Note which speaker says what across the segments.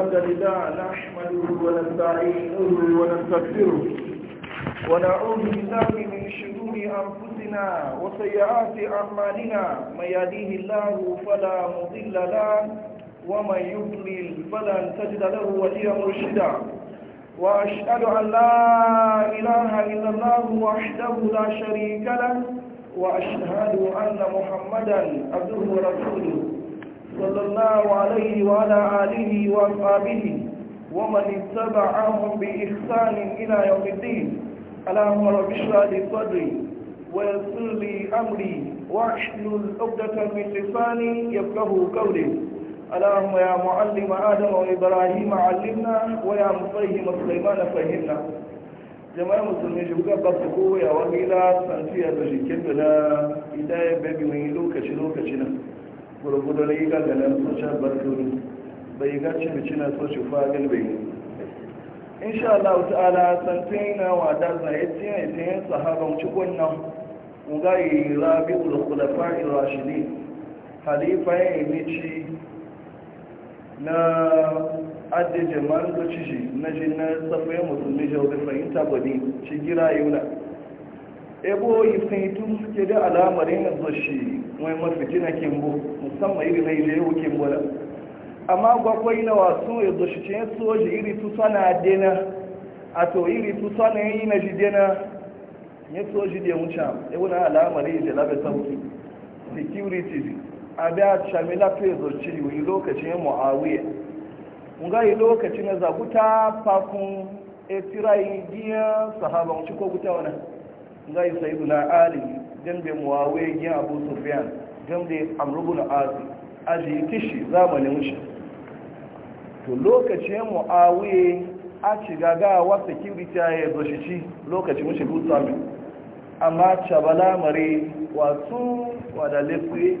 Speaker 1: الحمد لله نحمده ونستعينه ونستغفره ونعوذ بالله من شرور أنفسنا وسيئات أعمالنا من يهديه الله فلا مضل له ومن يضلل فلن تجد له وليا مرشدا وأشهد أن لا إله إلا الله وحده لا شريك له وأشهد أن محمدا عبده ورسوله صلى الله عليه وعلى آله وأصحابه ومن اتبعهم بإحسان إلى يوم الدين اللهم رب اشرح لي صدري ويسر لي أمري واحلل عقدة من لساني يفقهوا قولي اللهم يا معلم آدم وإبراهيم علمنا ويا مفهم سليمان فهمنا جماعة المسلمين shi كيف ba يا kowa ya wani la كيف da shi kebila ita ya كشنو gurgudu na yiga da nan social barkuru bai ga cimici na shi fagil bai insha Allah ta'ala santin na wada zai tiyan tiyan mu ci wannan ugai rabiul khulafa'i rashidin khalifa ya mici na adde jama'an da ciji na jinnar safai musulmi jawabin fahimta gwani ci gira yuna ebo yi sai tun suke da alamar yin zoshi mai masu gina kimbo musamman iri na ile yau kimbo da amma gwakwai na wasu ya zoshi ce soji iri tu sana dena a to iri tu sana yi na ji dena ya soji da wuce ebo wuna alamar yi da labe sauki security abi a shamila to ya zoshi yi lokacin ya mu'awiyya nga yi lokacin na zaguta fakun etira yi sahaba wuce ko guta wani ngai na ali gambe muawiya gin abu sufyan gambe amr ibn azi azi kishi zamanin shi to lokacin awe a ci gaga wata kibita ya zoshi ci lokacin mushi gutsa mai amma cabala mare wasu wada lefe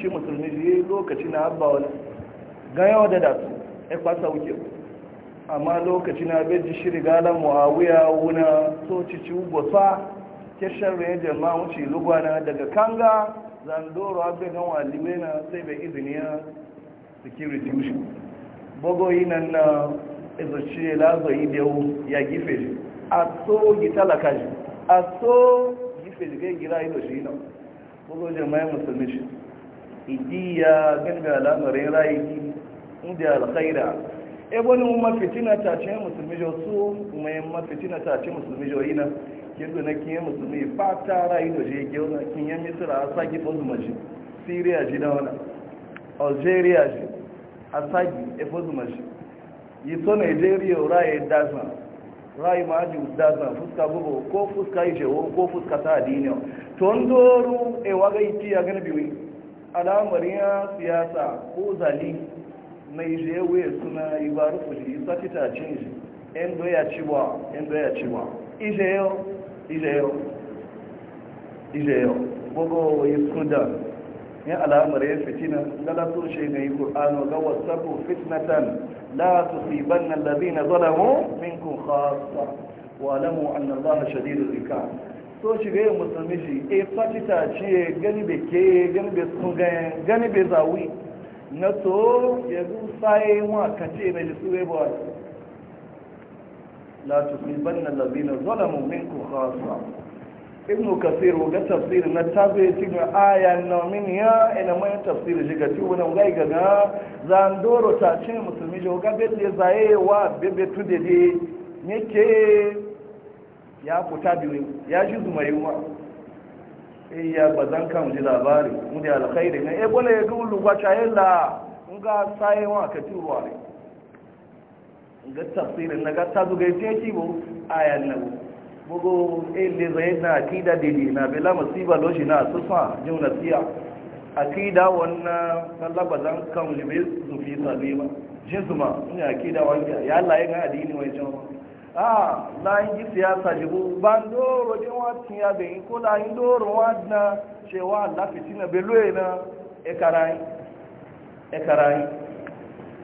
Speaker 1: shi musulmi lokaci na abba wani ga yawa da ya kwasa wuke ku amma lokaci na beji shiri gala muawiya wuna soci ci gwafa kishin rayu jama'a wuce lugwana daga kanga zandoro abin gan waliwe na sai bai izini ya security wuce bagoyi nan na izoci yi da ya gife shi a so gi talaka shi a so gife shi gai gira ido shi nan bago jama'a musulmi shi idiya gan ga lamarin rayu inda alkhaira ebonin fitina ta ce musulmi jo su ma fitina ta ce musulmi jo ina kindu na kinye musulmi ta rayu da je na kinye misira a sagi maji siriya ji na wana algeria ji a sagi e maji yi so nigeria raye dazna rayu ma ji dazna fuska bugu ko fuska ije wo ko fuska ta adini to n doru e waga iti ya gani biyu al'amarin siyasa ko zali mai je wuye suna ibaru ku shi isa tita cin shi ‘yan doya ciwa ‘yan ya ciwa ije yau ije yau ije yau gogo yi ya alamar ya fitina gala sun shi ga yi ƙur'anu ga wasaku fitnatan la su siban na labi na zalamu minkun khasa wa alamu annan zana shadidu zika so shi ga musulmi shi e fatita ce gani be ke gani be sun gani be zawi na to ya zusaye wa kace mai lissuwe ba la tusibanna allazina zalamu minkum khassa ibnu kasir ga tafsir na tabe cikin aya na min ya ina mai tafsir shiga ci wani gai gaga doro ta ce musulmi jo ga bebe zaye wa bebe tudede ke ya kuta biyu ya ji zumaiwa iya bazan kan ji labari mu alkhairi na e ne eh, ga ulu ba chaye la nga sai wa ka tuwa ne ga tafsirin na ga ta zuga ce ci bo ayan nan bugo eh, le zai na akida dili na bela masiba shi na sufa na tiya akida wannan kallaba bazan kan bi zufi sabiba jin zuma ina akida wanda ya Allah ya ga adini wai jama'a haa layin ji siyasa jibu ba ndoro jin watin ya bayin ko layin doro wadna cewa Allah na beloye na ekarai ekarai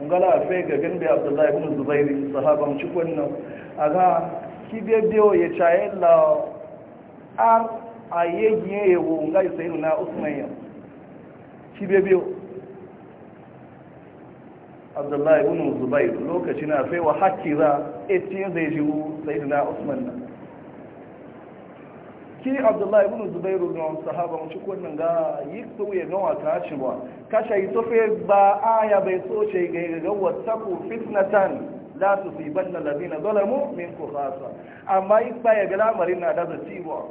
Speaker 1: ngala fe ga gande Abdullahi ibn Zubair sahaban ci kunnan aga ki be biyo ya chaye la ar aye ye wo ngai sayyidina Usman abdullahi ibn zubair lokacin na sai wa haƙƙi za etin eh, zai jiwu sayyidina usman nan ki abdullahi ibn zubair ibn sahaba mu cikon nan ga yi so ya ga wata ci ba kasha yi sofe ba aya bai so ce ga ga wattaku fitnatan la tusibanna alladhina zalamu minkum khassa amma yi ba ya ga lamarin na da ci ba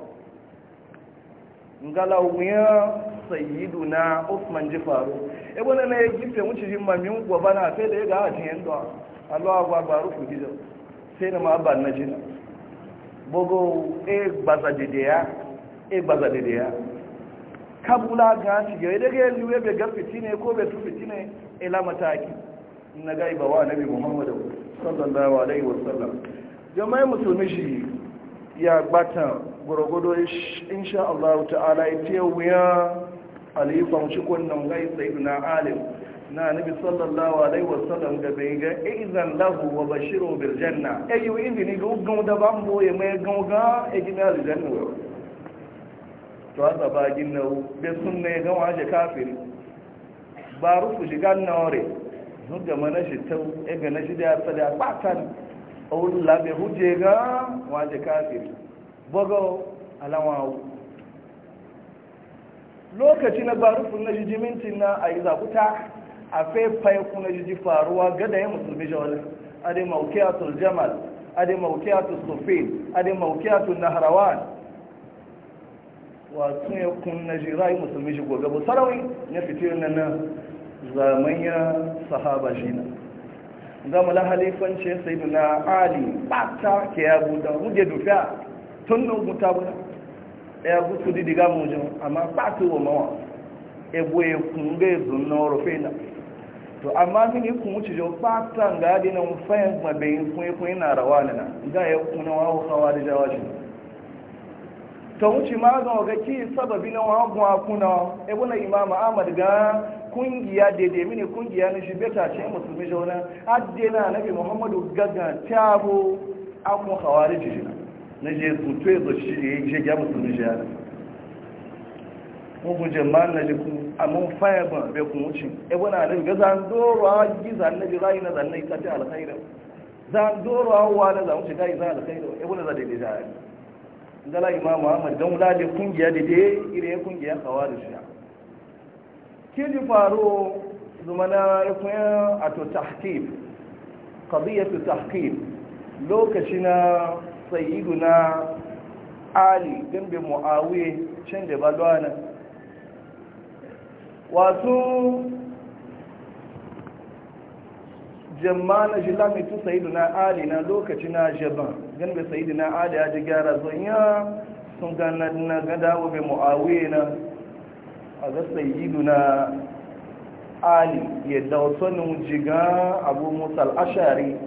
Speaker 1: ngala ngalawiyar sayidu na osman ji faru ebe na ya gife wuce jin mamin gwaba na sai da ya ga a yan dawa allawa ba ba rufu gizo sai na ma'aba na jina bogo e gbaza dedeya e gbaza dedeya kabula ga shi ga daga yin liwe bai ga fitine ko bai tu fitine ila mataki na ga ibawa nabi muhammadu sallallahu alaihi wasallam jama'i musulmi shi ya gbatan gwargwado insha Allah ta'ala ya ce wuya alifan shi kunnan gai tsaye na alim na nabi sallallahu alaihi wasallam da bai ga izan lahu wa bashiru bil janna ayu eh, wa indi ni gugun da ban boye mai gauga e eh, gina al janna to asa ba ginna be sun ya gawa je kafiri ba rufu ore Mun zuga mana shi tau e ga na shi da sada batan awul la be huje ga waje kafir bogo alawawo lokaci na barufin na jiji mintin na a yi zakuta a faifai kuna jiji faruwa gada ya musulmi jawalin ade maukiyatul jamal ade maukiyatul sufin ade maukiyatul naharawan wasu ya ji jirayi musulmi shi gobe bu sarawin ya fito na nan zamanya sahaba shi na zama na halifancin sai na ali ba ta ke ya buɗa hujje dufiya tun na ogunta buna diga mu jin amma pati wo mawa ebo e kun ga ezun na oro fena to amma kun wuce na mun fayan ma kun na rawani na ga ya e kun na wa hawa da jawaji to wuce ma ga ga sababi na wa gun akuna ebo na e ahmad ga kungiya kungiya beta ce musulmi nabi muhammadu gaga akun na je kutu ya zoci ya yi je ya musulmi shi yana mugu ma na jiku a mun faya ba bai kun wuce e wani alim ga zan doro a yi zan na rayu na zan na yi ta alkhairar zan doro a wuwa na zan wuce gayi zan alkhairu e wani zan daidai jari dala imam muhammad don wula da kungiya da dai ire kungiya kawa da shi ke ji Zuma na ya kuya a to tahkif to tahkif lokaci na na ali gambe muawiya can da balwana wasu jama'a na jilami tu na ali na lokaci na jaban gambe na ali ya ji gyara zonya sun gana na gada wabe muawiya na a ga sayyiduna ali yadda wasu jiga abu musal ashari.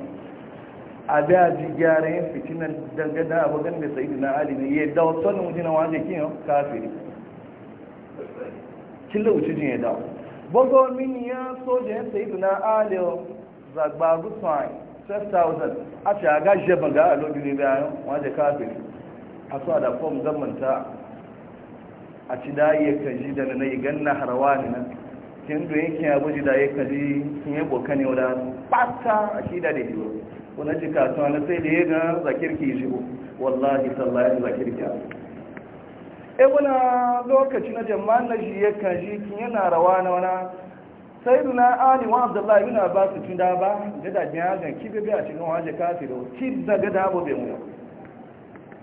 Speaker 1: a da ji gyara yin fitinan dangada a bugan da sa'idu na ne ya da wasu wani mutum na wanda kiyo kafiri killa wuce jin ya dawo bago min ya soja yin sa'idu na alimi zagba gusman 6,000 a ce a gajiyar baga a lobi ne bayan wanda kafiri a su a da fom zamanta a ci da iya kaji da na yi ganna harawa ne nan kin doyin kin abuji da ya kaji kin yi bokane wadda fata a shida da da yiwu wani ji kasuwa na sai da ya ga zakirki shigo wallahi sallahi zakirki a e, ebuna lokaci na jama'an na shi ya kan shi kin yana rawa na wana sai duna ani wa abdullahi yana ba su tun da ba da da ya ga kibe bai a cikin waje kafiro ki da ga da bo bai mu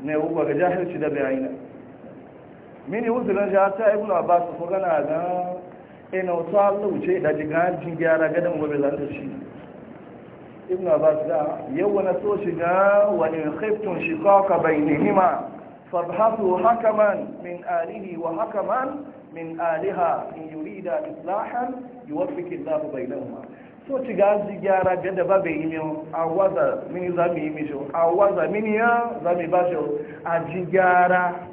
Speaker 1: ne uba ga jahilci da bayina mini uzuran ja ta ibnu abbas ko gana ga ina wasu Allah wuce da jiga jin gyara gadan gobe zan da shi ibn abbas da yawa na so shiga wa in khiftum shiqaqa bainihima fabhathu hakaman min alihi wa hakaman min aliha in yurida islahan yuwaffiq Allahu bainahuma so ci ga ji gyara ga da ba bai yi min a waza mini za mu yi misho a waza mini ya za mu ba shi a ji gyara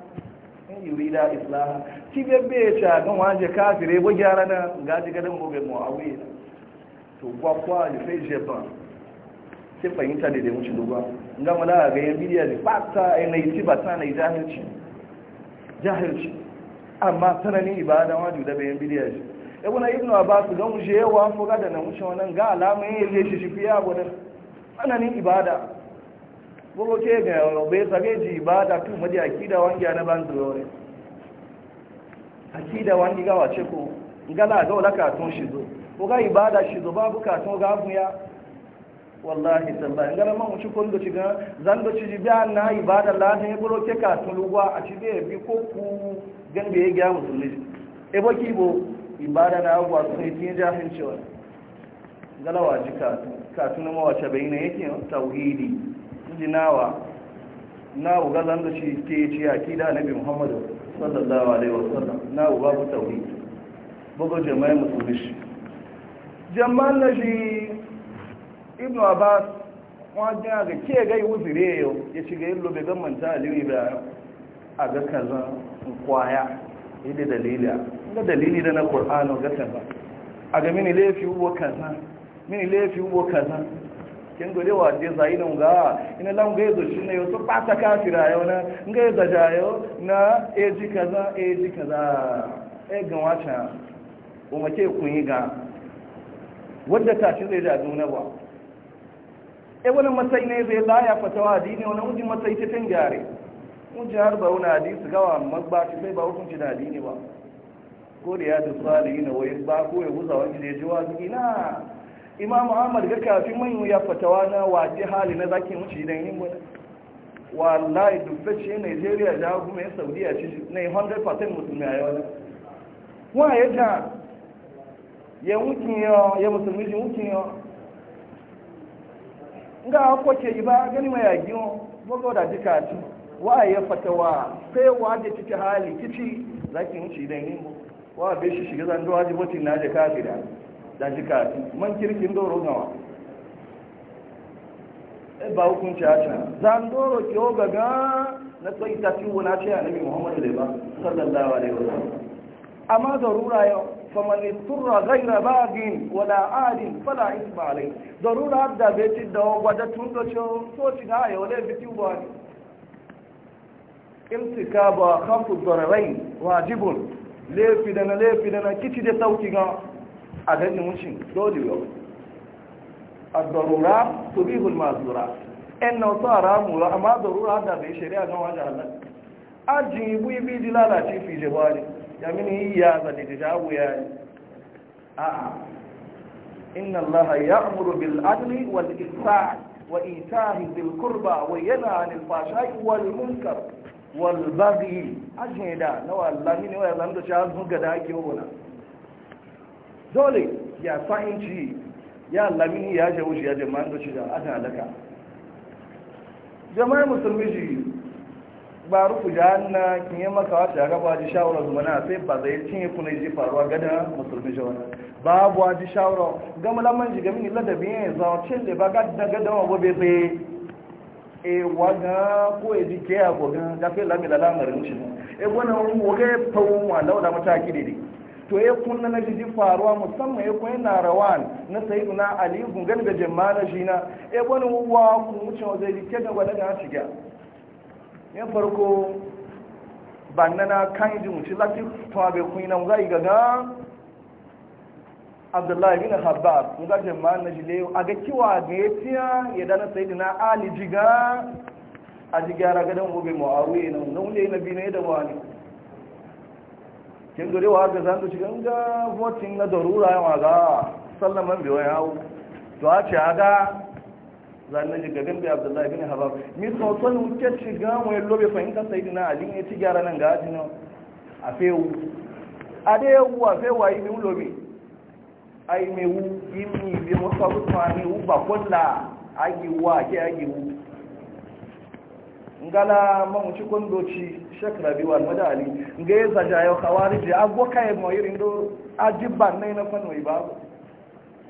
Speaker 1: in yurida islaha ki ga be ta ga waje kafire ba gyara na ga ji ga dan gobe muawiya to gwakwa ya sai jeban sai fahimta da da wuce duba ga mala ga yan bidiya da fata ai mai tiba ta na jahilci jahilci amma sananin ibada waju da bayan bidiya shi ya kuna ibnu abbas ga mu je yawa fuga da na wuce wannan ga alama yin yaje shi fiya abu da sananin ibada bugo ke ga bai sage ji ibada tu maji akida wangi na ban zuwa ne akida wangi ga wace ko ngala ga wala ka tun shi zo ko ga ibada shi zo babu ka tun ga abuya wallahi tallahi ngara ma mushi kondo ciga zando ciji biya na ibada la ne buro ke ka tulugwa a cibe bi ko ku gan be ga musulmi e ki bo ibada na agwa ne tin jahil cewa galawa Kasu ka tuna ma wace na yake oh, tauhidi nawa? na uga zando ci ke ci na nabi muhammadu sallallahu alaihi wasallam na uga bu tauhidi bugo jama'a musulmi jama'an na shi ibn abbas wọn jina ga ke gai wuzire yau ya shiga yin lobe gan manta aliyu ibrahim a ga kaza kwaya dalili a ga dalili da na qur'ano ga kaza mini laifi kaza mini laifi kaza kin gode wa je zai na ga ina lan ga yazo yau sun bata kafira yau na ga yazo na eji kaza eji kaza e kun yi ga wadda zai duna ba e wani matsayi ne zai laya fatawa ne, wani wujin matsayi ta fin gyare wujin har ba wani hadisi gawa magbaci sai ba hukunci na dini ba ko da ya ji salihi na wai ba ko ya guza wani da ya ji wazi na imam ahmad ga kafin manyan ya fatawa na waje hali na zaki wuce da yin wani wallahi dubbace nigeria ja kuma ya saudiya ci na 100% musulmi a yau wa ya ta ya wuce ya musulmi ji wuce ya nga ko ke yi ba gani mai ba mo da duka ci wa ya wa sai wa da cikin hali kici zaki wuce da yin wa be shi shiga zan do wajibi na da kafira da jika ci man kirkin doro wa? e ba hukunci a can zan doro ki o gaga na tsayi ta ciwo na ce annabi muhammadu da ba sallallahu alaihi wasallam amma zarura yau faman isturra ghaira bagin wala adin fala isma alai darura da be ti da wada tun do cho so ti ga yo le bi tuba ni imtikaba khamsu dararain wajibun le fi da na le fi da na kici da sauki ga adadin mushin dole yo ad-darura tubihu al-mazura en na tsara mu amma darura da be shari'a ga wajen Allah ajin ibu ibi dilala ti fi jabari ya mini ya zali da shawo ya yi a'a inna allaha ya'muru bil adli wal ihsan wa itahi bil Kur'ba wa Yana 'anil fahsha'i wal munkar wal baghi ajeda na wallahi ne waya zan da shawo zuga da ake wona dole ya ci ya lamini ya shawo shi ya jama'an da shi da aka halaka jama'ar musulmi shi ba ruku jahanna kin yi maka wata gaba ji shawara zumana, na sai ba zai cinye kuna ji faruwa gada musulmi Ba babu ji shawara ga mulaman ji ga da biyan yin a cin da ba gada gada wa bai zai e waga ko e ji ke a gogan ga mi la la lamarin shi e gwana waga ya fawo ma lauda mataki ne to e kunna na ji faruwa musamman ya kwaye na rawan na sayidu na ali gungan ga jama'a na shi na e gwana wa kuma mucin wa zai ji ke gaba ci shiga ya farko bannana kan ji mutu lati tuwa bai kun nan ga gaga abdullahi bin habab mun ga jama'a na jile a ga kiwa ga ya tiya ya dana sai dina ali jiga a ji gyara gadon gobe mu'awiya nan na wunde na bi na da wani kin gari wa ga zan ci ga votin na darura ya ga sallaman biyo hau to a ce ga zanen jiga gambe abdullahi bin habab mi soson wuce shiga mai lobe fahimta sai dina ali ne ci gyara nan ga aji nan a fewu a da yawu a fewa yi bin lobe ai mai wu yi mi bi masu abubuwa ne wu ba kwalla agiwa ke agiwu ngala mamuci kondoci shekara biyu wani mada ali ga ya zaja yau kawari je agbokan yi mai irin do ajiban na yi na fanwai babu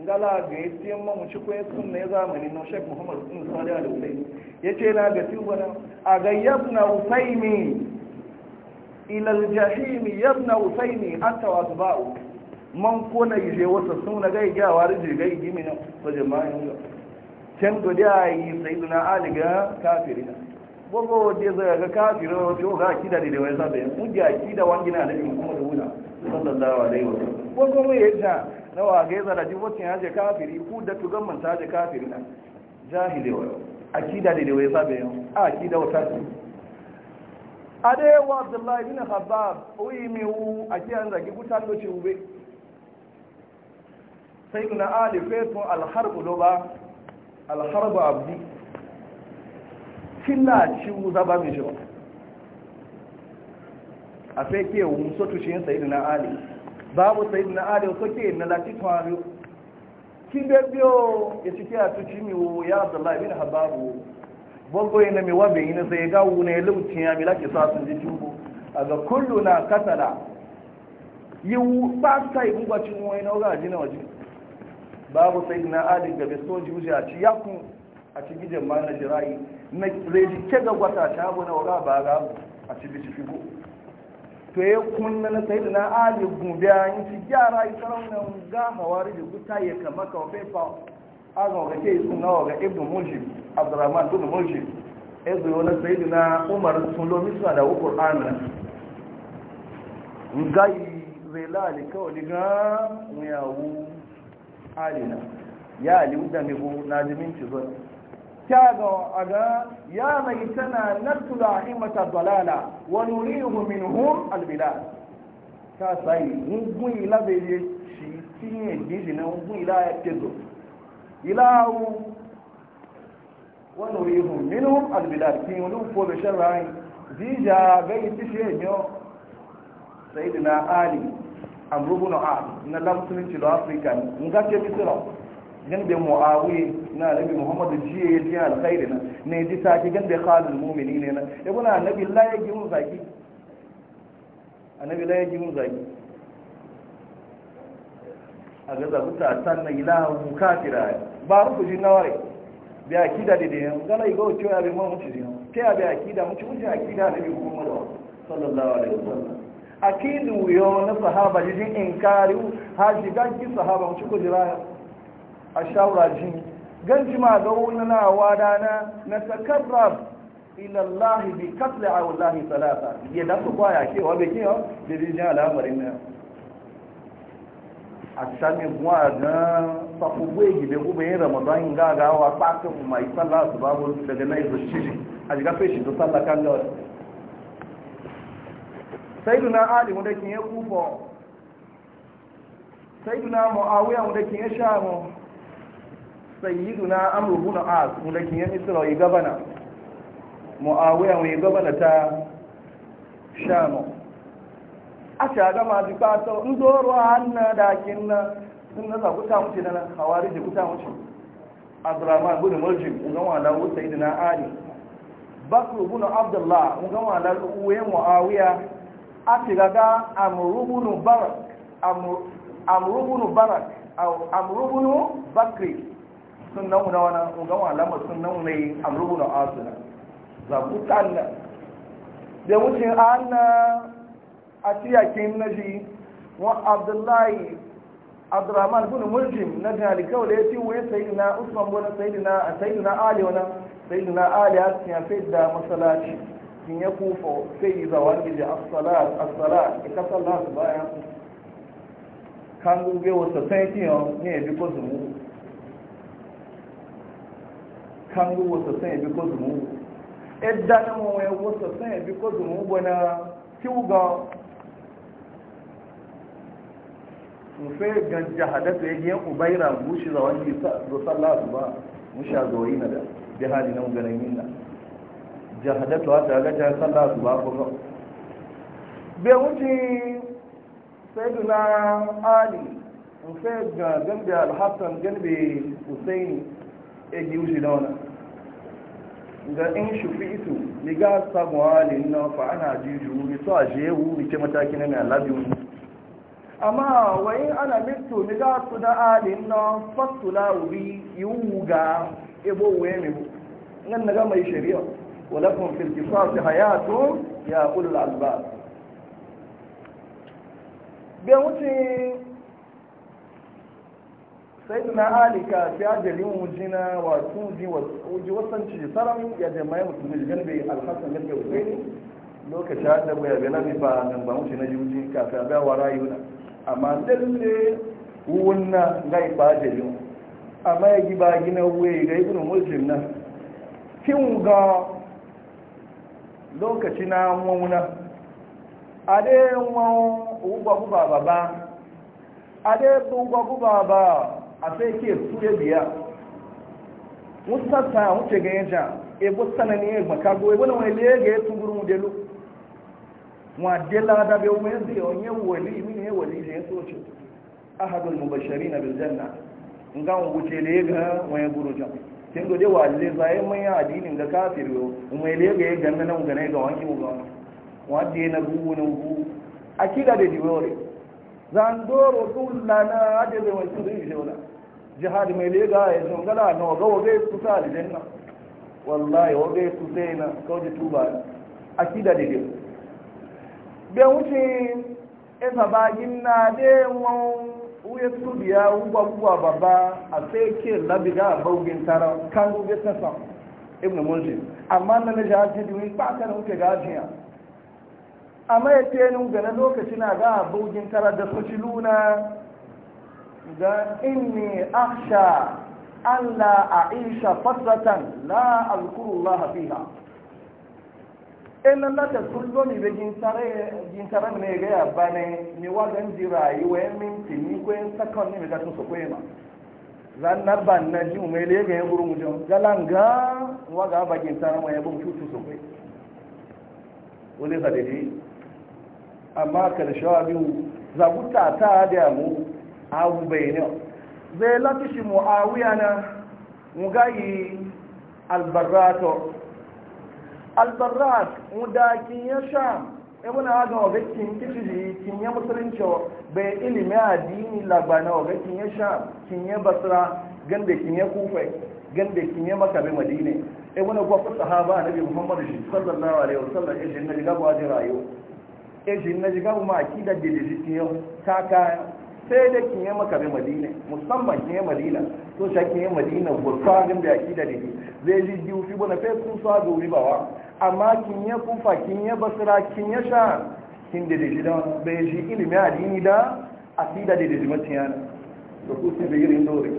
Speaker 1: ngala ga ya ce man shi ko ya sunna zamani na Sheikh Muhammad bin Salih Al-Utsaimin yace na ga tubana a ga yabna Utsaimin ila al-jahim yabna Utsaimin hatta wasba'u man ko na je wasa sunna ga ga warje ga gimi na to jama'in ga can do da yi na Ali ga kafirina gogo da zai ga na to ga kida da wai sabbin. mun ga kida wangina da wuna sallallahu alaihi wasallam gogo mai yadda na wa ga yaza da jibocin ya je kafiri ku da tu gamman ta je kafiri na jahili wa akida da dawai sabe yau akida wa tasu ade wa abdullahi bin khabbab uyi mi wu akiyan zagi gutan do ci ube sai na ali fetu alharbu loba harb abdi kila ci mu zaba mi shi a fai ke wu sotu shi yin sayi na ali babu sayid na arewa soke na lati tuwari kin da biyo ya cike a tuci mi wo ya abdullahi bin hababu bongo yana mi wabe yana sai ga wuna ya lauci ya mi laki sa sun ji tubu a ga kullu na katala yi ba sa yi gugwacin wani na wajen na waje babu sayid na arewa gabe soji wuce a ci yakun a ci gijan ma na jira'i na reji ke ga gwata ta abu na waga ba ga a ci bici figo to ya kunna na sai da na ali gubiya in ci gyara yi saraunan ga hawari da guta ya kama ka wafe fa azon ga ke sun nawa ga ibn mujib abdurrahman ibn mujib ezo yo na sai da na umar sun lo misa da qur'an nan ngai zela li kawli ga muyawu alina ya ali da mi go na jimin ci zuwa. كانوا أغا يا ميتنا نقتل أئمة الضلالة ونريه منهم البلاد كاساي نقوم إلى بيجي شيء جيجي نقوم إلى يكتزو إلى ونريه منهم البلاد كي يلوم فوق ديجا بيت شيء سيدنا علي أمرو بن عاد إن الله مسلم في أفريقيا نقاتل بسرعة gande muawiya na nabi muhammadu jiya ya ji alkhairi na ne ji saki gande khalil mu'mini ne na ya buna annabi la ya ji mun zaki annabi la ya ji mun zaki a ga zabuta san na buka kafira ba rufu jin naware bi akida de de gala igo cho ya bi mu ci jin ke a abi akida mu ci mu akida nabi muhammadu sallallahu alaihi wasallam akidu yo na sahaba jin inkari ha shiga ki sahaba mu ci ko jiraya a shawara jini ganci ma ga wunana dana na takarrar ilallahi bi katla a wallahi talata ya da su kwaya kewa bai kewa da rijin al'amarin na a sami buwa na safugbe gide kuma yin ramadan gagawa fatin mai sallah su babu daga na izo shiri a jiga feshi da sallah kan da wani sai duna ali wanda ke yi kufo sai duna mu'awiya wanda ke yi shamu sayyiduna amru bin as mulakin ya misra yi gabana muawiya yi gabana ta shamo a shaga masu fata in zoro hannu da akin na sun nasa kuta wuce na hawari da kuta wuce abdurrahman bin muljim ugan wala wuta idina ali bakru bin abdullah ugan wala uwe muawiya a shigaga amurubunu barak amurubunu barak amurubunu bakri sunan na wani unga wala ma sunna una yi amrubu na asuna za ku tanna da wuce anna a tiyakin naji wa abdullahi abdurrahman bin muljim na jihar kawai ya ce wani na usman wani na a na ali wani na ali a cikin sai da masalaci in ya kufa sai yi zawon gidi as asalat as-salat ita bayan kan gube wasa sai kiyon ne ya bi ko zumu kango wasa san bi ko zumu edda na mo ya wasa san bi ko zumu bana kiuga mu fe gan jahada to yaje ubaira mushi za wani do sallah ba mu sha zoyi na da bi hali na ganin minna jahada to ta ga ta sallah ba ko be wuce sayyiduna ali mu fe gan gan da al-hasan gan bi husaini egi ushi da wani ga in shufi ito ni ga sabon halin na fa ana jiju ni to a je wu ce mataki na mai alabi amma wa in ana mitu ni ga su da halin na fasula wuri yiwu ga ebo wuye mai bu nan na gama yi shari'a walakun filkisa su hayatu ya ulul albab bai wuce sai na alika ta jalin wujina wa tuji wuji wasanci saram ya jama'a jirgin galbe alhassan galbe husaini lokaci da bai ga nabi na nan ba mushi na yuji kafa ba wa rayuna amma dalle wunna gai fa jalin amma ya giba gina wuye ga ibn muslim na kin ga lokaci na muna ade mo uba ba. ba uba baba a sai ke tuye biya a wuce ga yaja ebo sanani ya makago ebo na wani ga ya tunguru mu delu wa dela da be o mezi o nye wali mi ne wali je so ce ahadul mubashirin na janna ngan wuce lega wani guru jam kin gode wa le zai mai addinin ga kafiru mai ga ya ganna nan ga ne ga wanki mu ga wa de na bu na bu akida da diwore zandoro kullana ade be wani tudu je wala jihadi mai lega ya zo ngala na waga waga kusa aljanna wallahi waga kusa yana kauje tuba akida de dai be wuce esa bagin na de won uye su biya uba uba babba a sai ke labiga baugin tara kan ube sasa ibn munzir amma na na jaji dimin ba ta da muke gajiya amma ya ce ni ga na lokaci na ga baugin tara da su luna ga inni aksha Allah aisha fasratan la alkurullaha fiha ina lata kullo ni be jintare mi ne gaya ba bane ni wagan jirayi wa minti ni ko en sakon ni ga tun so ko ema zan na ban na ji mai le ga yuru mu jon galanga ga ba jintare mu ya bu tutu so ko wani ga de amma kal shawabi zabuta ta da mu abu bayanin zai latishi mu'awiya na mugayi albarrato albarrat mudakin ya sha ibina aga wagakin kishiri kin ya musulunci bai ilimi addini labana wagakin ya sha kin ya basra ganda kin ya kufai ganda kin ya makabe madine ibina gwafi sahaba bi muhammadu shi sallallahu alaihi wasallam sallar shi na jigabu a jirayo ejin na jigabu ma akidar da jijitiyo ta kayan sai da kin yi makabe madina musamman kin yi madina to sha kin yi madina gurfa gan da yaki da dai zai ji diu fi bona fe kun sa do ribawa amma kin yi kufa kin yi basra kin yi sha kin da dai da bai ji ilimi addini da asida da dai mutiyana da ku sai bai rin dore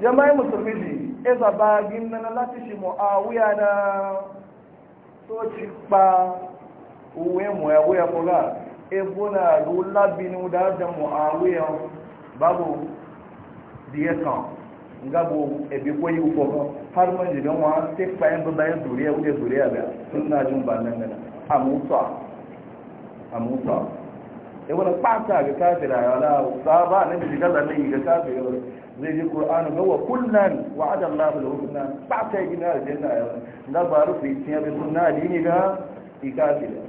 Speaker 1: jama'i musulmi ji eza ba ginna na lati shi muawiya na to ci uwe mu ya ko ga ebuna lula binu da da muawiya babu diyakan ngabo ebi koyi ko har man ji don wa sai fayin bayan zuriya ude zuriya da sunna jin ba nan nan amusa amusa e wala pata ga kafira wala Ba nan ji gaza nan ga kafira zai ji qur'ani ga wa kullan wa'ada Allahu al-husna pata gina aljanna ya Nga ba rufi tiya bi sunna dini ga ikafira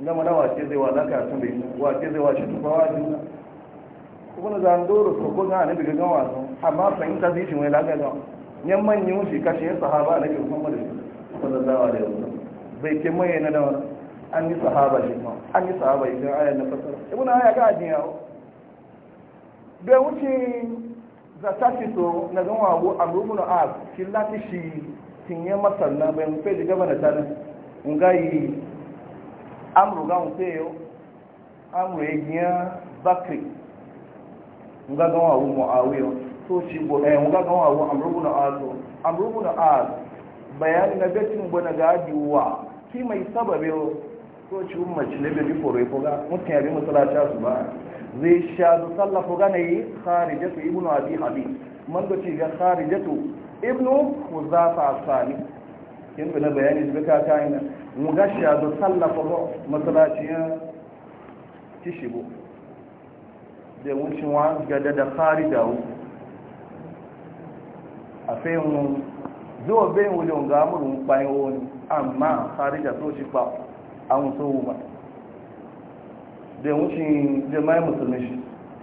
Speaker 1: na mana wace zai wa ka tun bai wace zai wace tuba wa juna kuma na zan doro ko ko na bi gagan wasu amma ta zai shi wani laka da yan manyan wuce kashe yin sahaba na bin muhammadu zawa da yau bai ke mai na da an yi sahaba shi ma an yi sahaba shi kan ayar na fasara na aya ga ajiya o bai wuce za ta so na gan wawo rumunan as shi lati shi tinye masar na bai mu fe ji gaba da tanin yi. amuru gahun feyo amuru egiyan bakri nga gahun awu mu'awiyo to ci bo eh nga gahun awu amuru na azu amuru na azu bayani na betin bo na gajiwa ki mai sababe to ci umma ci ne bi foro ko e ga mutan yabi musallata su ba zai sha zu sallafu ga yi. kharijatu ibnu abi habib man go ci ga kharijatu ibnu huzafa sani kin bi na bayani bi ka kaina mu gashi a zo sallafa ba masalaciyar tishibu da wucewa gada da fari da wu a fayin zuwa bayan wujen ga amurin bayan wani amma fari da so shi ba an so wu ba da wucin jama'ai musulmi shi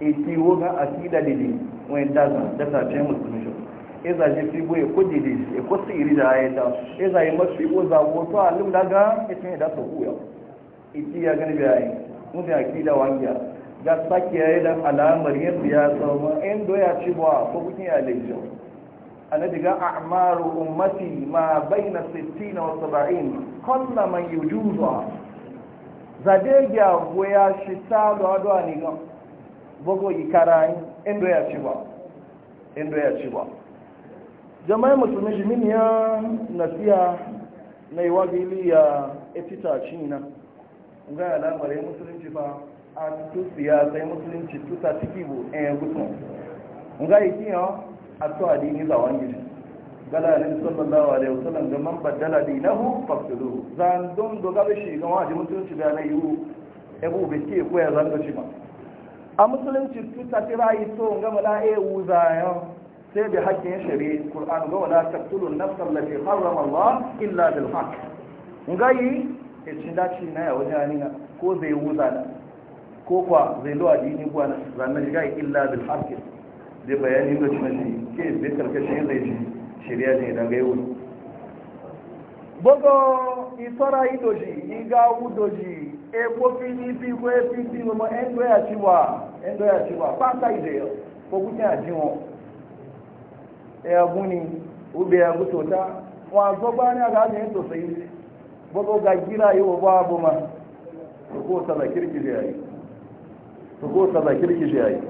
Speaker 1: iti ga akida dide wani dazan da sace musulmi shi eza je fi boye ko dede e ko da ya da eza yi e za wo to alim daga etin da so kuya iti e ya gani bai mun da akida wangiya ga saki ya da alamar yin ya sauma in do ya ci ba ko kukin ya lejo annabi ga a'maru umati ma baina 60 wa 70 qalla man yujuza zade ya ci ba ya ci ba jama'i musulmi jimin ya nasiya na yi wagili ya etita china ga yi musulunci ba a tusiya sai musulunci tuta ciki bu ɗaya gutsun ga yi kiyan a to dini za wani gishi gala ne sallallahu alaihi wasallam ga man baddala dinahu fafsulu zan don doga da shi ga wani musulunci da na yiwu ebu bai ke koya e zan shi ba a musulunci tuta yi so ga mala'e wuzayen sai da hakkin shari'a Qur'an ga wala taqtulun nafsa allati harrama Allah illa bil haqq ngai e eh, cin daci na ya wajen anina ko zai wuza da ko kwa zai lo adini ko na zanna ga illa bil haqq da bayani da cin ke da shi zai ci shari'a ne dan gaiwo bogo isara idoji iga udoji e ko fini bi ko e fini mo endo ya ciwa endo ya ciwa pata ide ko kunya jiwon ya guni ube ya gutota wazo bani a gajin sosai yi wa babu ma su ko ta zakir ki yayi su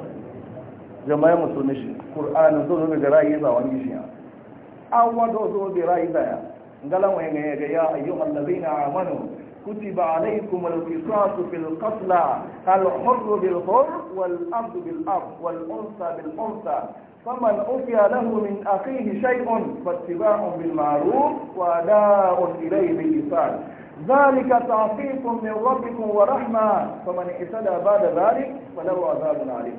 Speaker 1: jama'a musulmi shi qur'anin zo zo ga rayi za wani shi an wato zo ga rayi za ya ngalan wayan ga ya amanu كتب عليكم القصاص في القتلى الحر بالحر والأرض بالأرض والأنثى بالأنثى فمن أوتي له من أخيه شيء فاتباع بالمعروف وأداء إليه بإحسان ذلك تعقيب من ربكم ورحمة فمن اعتدى بعد ذلك فله عذاب عليم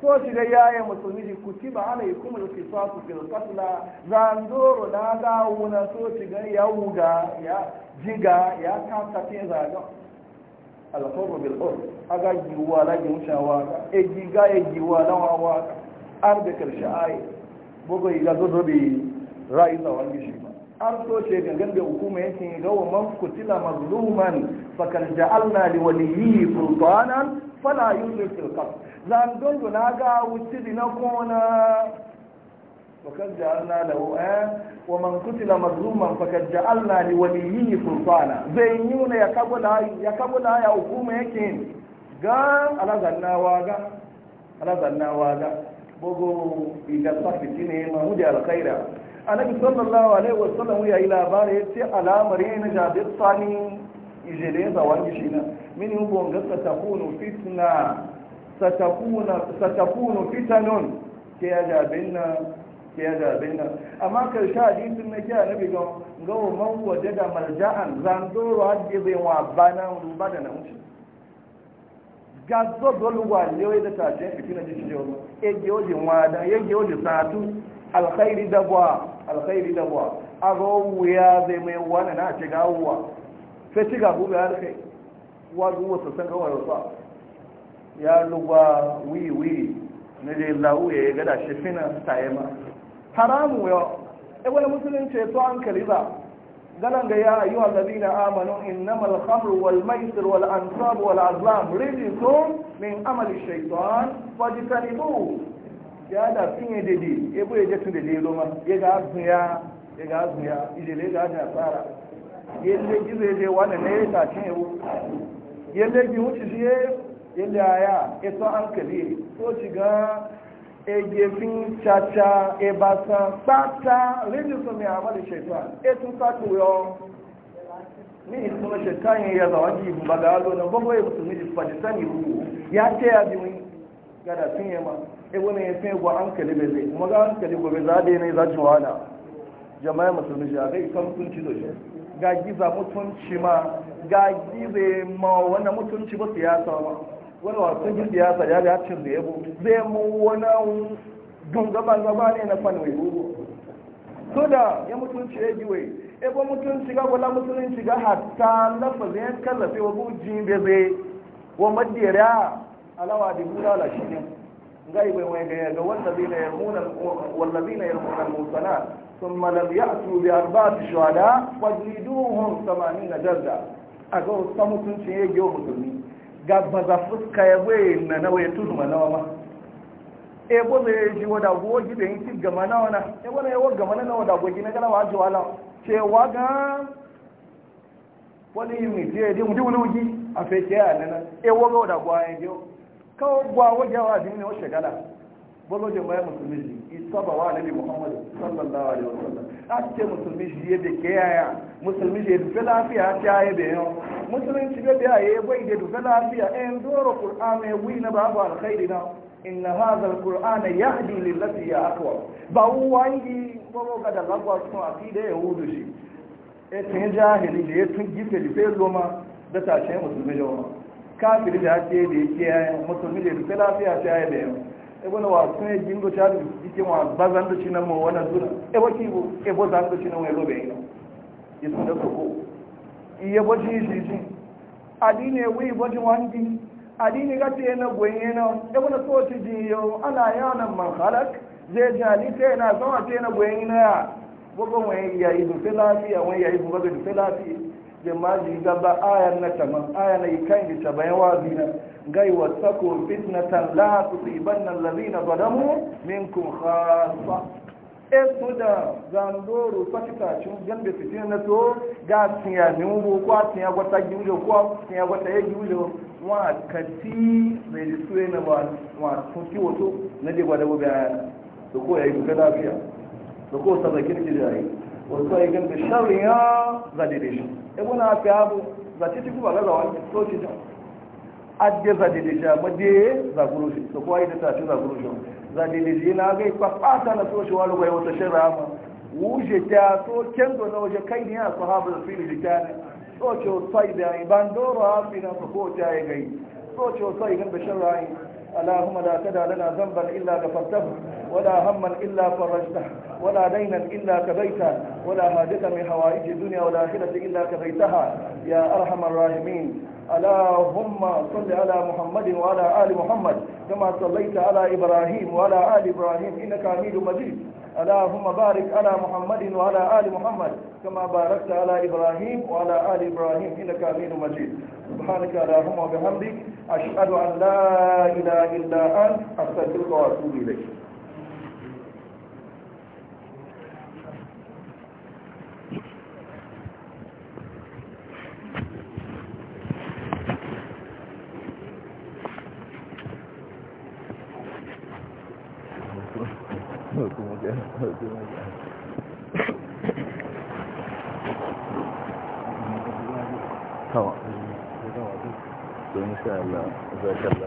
Speaker 1: so shi da yaya musulmi ji ku ci ba ana yi kuma da fasu, su fil katla zandoro na dawo na so shi ga ya wuga ya jiga ya kasa te zaga alfabu bil ur aga giwa la gimshawa e giga e giwa la wawa ar da karshe ai bugo iga zodo bi ra'ayi da wani shi ba an so ce gangan da hukuma yake ga wa man kutila mazluman fakar ja'alna li waliyyi sultanan fala yi fil qab zan dondo na ga wuti na kona fakar ja'alna da eh wa man qutila mazluman fakar ja'alna li waliyyi sultana zai yuna ya kabula ya kabula ya hukuma yake ga alazannawa ga alazannawa ga bogo iga safiti ne mahudi alkhaira annabi sallallahu alaihi wasallam ya yi labarai sai alamar yana jabir sani ijeleza za shi na mini ubon ga satakunu fitna satakuna satakunu fitanun ke ya jabin na ke ya jabin na amma sha hadisin na ke annabi ga gawo man daga da zan zandoro hajji bai wa bana ba da na wuce gazo doluwa lewe da tace fitina ji e ege oje wada ege oje satu alkhairi dabwa alkhairi dabwa ago wuya zai mai wani na ci gawuwa fẹ́ tí gàbó bẹ̀ hálùkẹ́ wa wọn sassan kawai wasa ya lugba wiwi na je lawu ya yi gada shi fina taye ma haramu yau e wani musulunci to an kaliba galan ga ya yi wa na amanu innamal khamru wal maisir wal ansab wal azlam rijisun min amali shaitan wajitanibu ya da finye dede ebo ya je tun dede loma ya ga azuya ya ya ga azuya idele ga azuya tsara yelle gi zai je wani ne ya tashin yau yelle gi wuce shi ya yelle aya eto hankali shiga caca pata amadu shaitan etun sati ni ìtumọ̀ shaitan ya yàtọ̀ wájú ìbùn bàgà na gbogbo yẹn musulmi ti ya tẹ́ ya biwin gada ma ewu na yẹn fi gwa hankali bẹ̀rẹ̀ mọ́gá gobe za na na jama'a musulmi kan ga giza mutunci ma ga gize ma wannan mutunci ba siyasa ba wani wasu gin siyasa ya ga cin da yabo zai mu wani dungaban zama ne na fanwai so da ya mutunci ya giwe ebo mutunci ga wala mutunci ga hatta lafazin ya kallafe wa bujin bebe wa madira alawa da la shi ne ga ibe wani ga yaga wallazina yarmuna wallazina yarmuna al-musanat ثم لم يأتوا بأربعة شهداء فجلدوهم ثمانين جلدة أقول صمت شيء يوم مسلمين قد بزفت كيبين نوي تزم نوما ebo zai ji wada goji da yin cin gama na wana e wani yawon gama na wada goji na gana wajewa ala cewa ga wani yi mai ce ya ji mutu wani wuji a fece ya nana e wada gwa ya ji kawo gwa wajewa jini ne wasu shagala bolo jama'a musulmi ji isaba wa nabi muhammad sallallahu alaihi wasallam a ce musulmi ji ya da ke yaya musulmi ji ya dufe lafiya ta ya da yau musulunci da biya ya bai da dufe lafiya en doro qur'an ya wi na babu alkhairi na inna hadha alquran yahdi lillati hiya aqwa ba wangi bolo ga da lagwa sun akida ya wudu shi e tun jahili ne tun gife da loma da tashe musulmi jama'a kafiri da ce da yake musulmi da dufe lafiya ta yi da yau ebo na wasu ne jingo ta da jikin wa ba zan da shi nan mu wannan zuna ebo ki bo ebo zan da shi nan wai lobe ina yisun da soko iye bo ji ji ji adine wi bo ji wangi adine ga te na gwenye na ebo na so ti ji yo ana ya nan man khalak je ni te na so te na gwenye na bo ko wai ya yi du lafiya wai ya yi bo ga du lafiya jama ji gaba ayar na taman ayar na kai, da ta bayan wazi na gai wata ko fitnatan la su su iban nan lalina zalamu minkum khasa esu da zandoro fatikacin jambe fitin na to ga tiya ne wubo ko tiya gwata giwujo ko tiya gwata ya giwujo wa kati zai ji suwe na ba wa sun kiwo to na je gwada gobe ayar da ko ya yi duka lafiya da ko sabakin ki da yi wasu ya gani da sharrin ya zadide shi ibu na fi abu za ci kuma gaza wani so ci jan adde zadide shi amma de zaguru shi da kuwa yi da tafi zaguru shi zadide shi na gai kwafata na so shi wani bai wata shirya amma wuje ta so kendo na waje kai ne a sahaba da fili jika ne so ce wasai da yi ban doro a fi na ko ta yi gai so ce wasai gan da sharrin da la tada lana zamban illa ghafartahu ولا هما إلا فرجته ولا دينا إلا كبيته ولا حاجة من حوائج الدنيا والآخرة إلا كبيتها يا أرحم الراحمين اللهم صل على محمد وعلى آل محمد كما صليت على إبراهيم وعلى آل إبراهيم إنك حميد مجيد اللهم بارك على محمد وعلى آل محمد كما باركت على إبراهيم وعلى آل إبراهيم إنك حميد مجيد سبحانك اللهم وبحمدك أشهد أن لا إله إلا أنت أستغفرك وأتوب إليك Thank you.